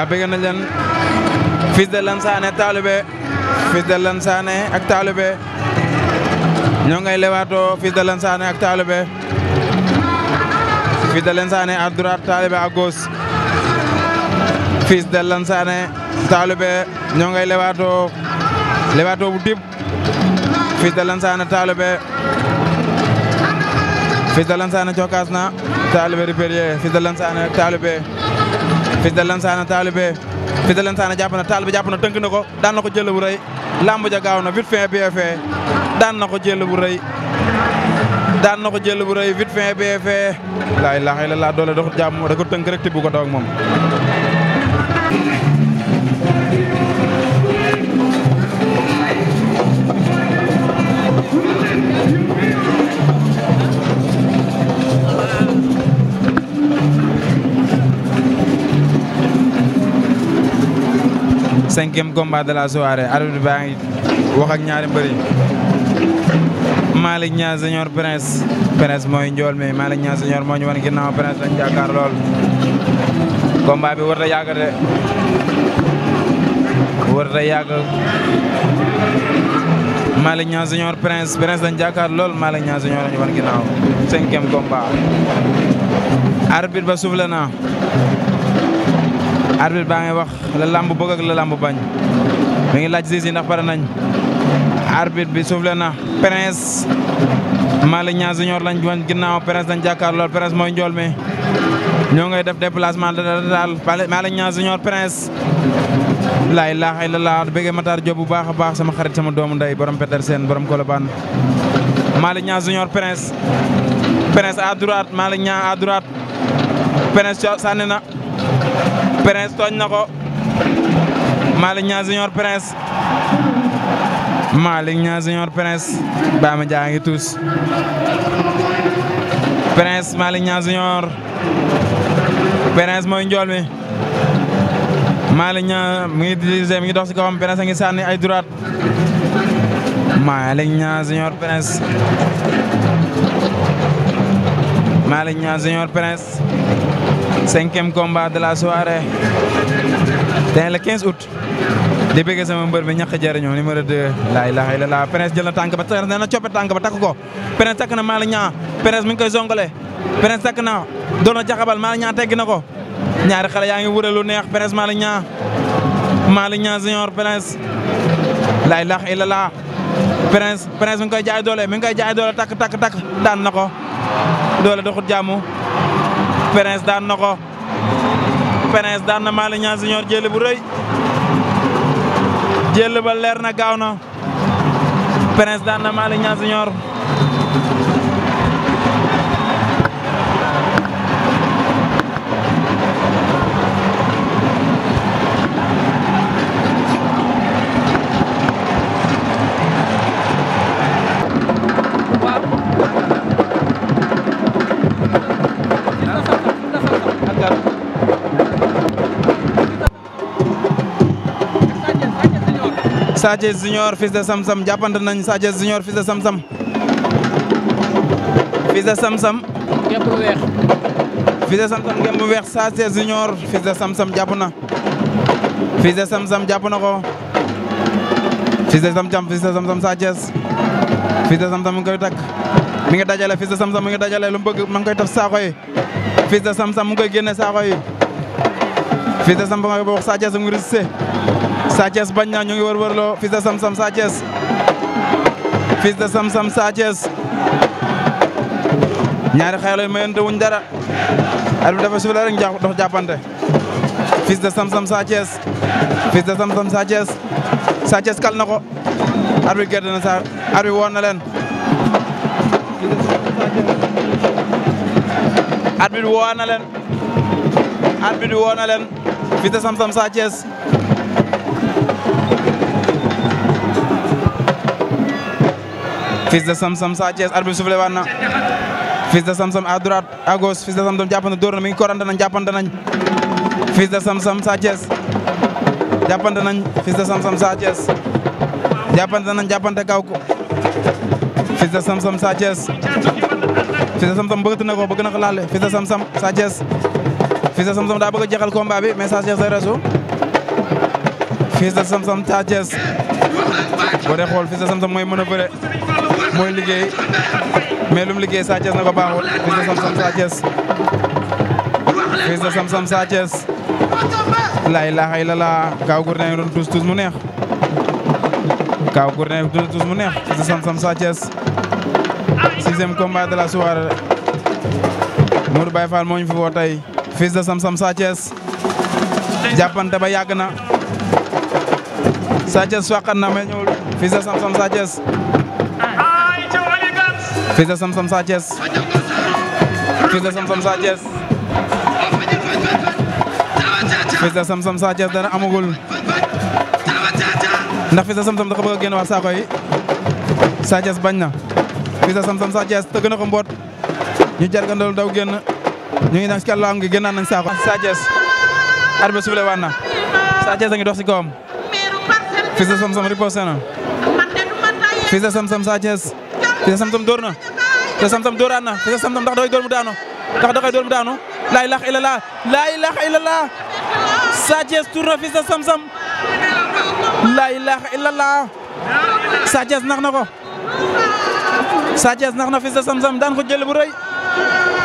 waaw bëgg nañ leen fils de Lansane Taalubé fils de Lansane ak Taalubé ñoo ngay lewaatoo fils de Lansane ak Taalubé fils de Lansane à droite Taalubé à gauche fils de Lansane Taalubé ñoo ngay lewaatoo lewaatoo bu dib fils de Lansane Taalubé fils de Lansane cokkaas na Taalubé Ripelier fils de Lansane ak Fils de Lansana taalibe Fils de Lansana jàpp na taalibe jàpp na tënk na ko daan ko jël bu rëy lamb ja gaaw na vite fin bien fait daan na ko jël bu rëy daan na ko jël bu rëy vite fin bien fait laa doole da ko jàpp da ko tënk rek tibb ko daw ak cinquième combat de la soirée arbitre baa ngi wax ak ñaari mbër yi Malick Niang Junior Prince Prince mooy njool mi Malick Niang Junior moo ñu wan ginnaaw Prince lañ jàkkaar lool combat bi warta yàgg de warta yàgg Malick Niang Junior Prince Prince lañ jàkkaar lool Malick Niang Junior lañu wan ginnaaw cinquième combat ba soufflé arbitre baa ngi wax la làmb bëgg ak la làmb bañ mi ngi laaj juge yi ndax pare nañ arbitre bi soufflé na Prince Malick ñaa Junior lañ wan ginnaaw Prince dañ jàkkaar lool Prince mooy njool mi ñoo ngay def déplacement latéral Malick Niang Junior Prince laay laaxay la laa bëggee Matar Diop bu baax a baax sama xarit sama doomu ndey borom seen borom Colobane Malick Niang Junior Prince Prince à droite Malick Niang Prince sànni na Prince tooñ na ko Malick Niang Junior Prince Malick Niang Junior Prince Baye Mandiaye a ngi tuus Prince Malick Niang Junior Prince mooy njool mi Malick Niang mu ngi dirigé mi ngi dox si kawam a ngi sànni ay droite Malick Niang Junior Prince Malick Niang Junior Prince cinquième combat de la soirée tey le 15 août di bëgg sama mbër mi ñàkk jariñoo numéro 2 laa ilaha illallah Prince jël na tànk ba takk ko Prince takk na Malick Niang Prince mi ngi koy zongale Prince takk na doon na jaxabal Malick Niang teggi na ko ñaari xale yaa ngi wurelu neex Prince Malick Niang Malick Niang Junior Prince laa ilaha illallah Prince Prince mi ngi jaay doole mi ngi jaay doole takk takk takk daan ko doole doxut jàmm Prince daan na ko Prince daan na Malick Niang Junior jël bu rëy jël ba leer na gaaw na Prince daan na Malick Niang Junior Sa Thiès Junior fils de Sam Sam jàppante nañ Sa Thiès Junior fils de Sam Sam fils de Sam weex fils de Sam Sa Thiès Junior fils de Sam Sam jàpp na fils de Sam Sam jàpp na ko fils de Sam Sam fils de Sam Sam de Sam Sam mu ngi koy takk mi ngi dajale fils de Sam mi ngi dajale lu mu bëgg ma ngi koy taf saako yi fils de Sam Sam mu ngi koy génne saako yi Fils de Sam ba nga bokk Sa Thiès mu ngi resisté Sa Thiès bañ na ñu ngi wërwërloo Fils de Sam Sam Sa Thiès Fils de Sam Sam Sa Thiès ñaari xayaloo yi mayante wuñ dara at dafa suuf la rek dox de Sam Sam Sa Thiès Fils de Sam Sam Sa Thiès kal na ko gerte na sa at bi woon na leen leen fils de Sam Sam Sa Thiès fils de Sam Sam Sa Thiès arbitre de Sam Sam à droite à gauche fils de Sam Sam jàppante dóor na mi ngi korante nañ jàppante nañ fils de Sam Sam Sa Thiès jàppante nañ fils de Sam Sam Sa Thiès jàppante nañ jàppante kaw ko fils de Sam Sam Sa Thiès fils Sam Sam bëgg na ko bëgg na ko laale fils de Sam Sam Sa Fils de Sam Sam daa bëgg a jeexal combat bi mais Sa Thiès lay resu Fils de Sam Sam Sa Thiès xool Fils Sam Sam mooy mën mooy liggéey mais liggéey Sa Thiès na ko baaxul Fils de Sam Sam Sa Thiès Sam Sam Sa Thiès laa ilaaha illallaah Kaw Gourdin tuus tuus mu neex Kaw Gourdin nañu tuus mu neex Fils de Sam Sam Sa Thiès sixième combat de la soirée Modou Baye Fall fi woo Fils de Sam Sam Sa Thiès jàppante ba yàgg na Sa Thiès wàqan na mais ñëwul Fils de Sam Sam Sa Thiès Fils de Sam Sam Sa Thiès Fils de Sam dara amagul ndax Fils de Sam Sam dafa bëgg a génn wax saako yi Sa Thiès bañ na Sam Sam tëgg na ko mboot ñu jargandalu daw génn ñu ngi nag si kàllaama gi gënaan nañ Sa Thiès ngi dox si kawam Fils de Sam Sam riposté na Fils de Sam Sam Sa Thiès Fils de Sam Sam dóor na Fils de Sam Sam dóoraat na Fils de Sam Sam ndax da koy dóor mu daanu ndax da koy dóor mu daanu laa ilaaha illallaah laa ilaaha illallaah Sa Thiès na Fils de Sam Sam laa ilaaha illallaah Sa nax na ko Sa Thiès nax na Fils de Sam Sam daan ko jël bu rëy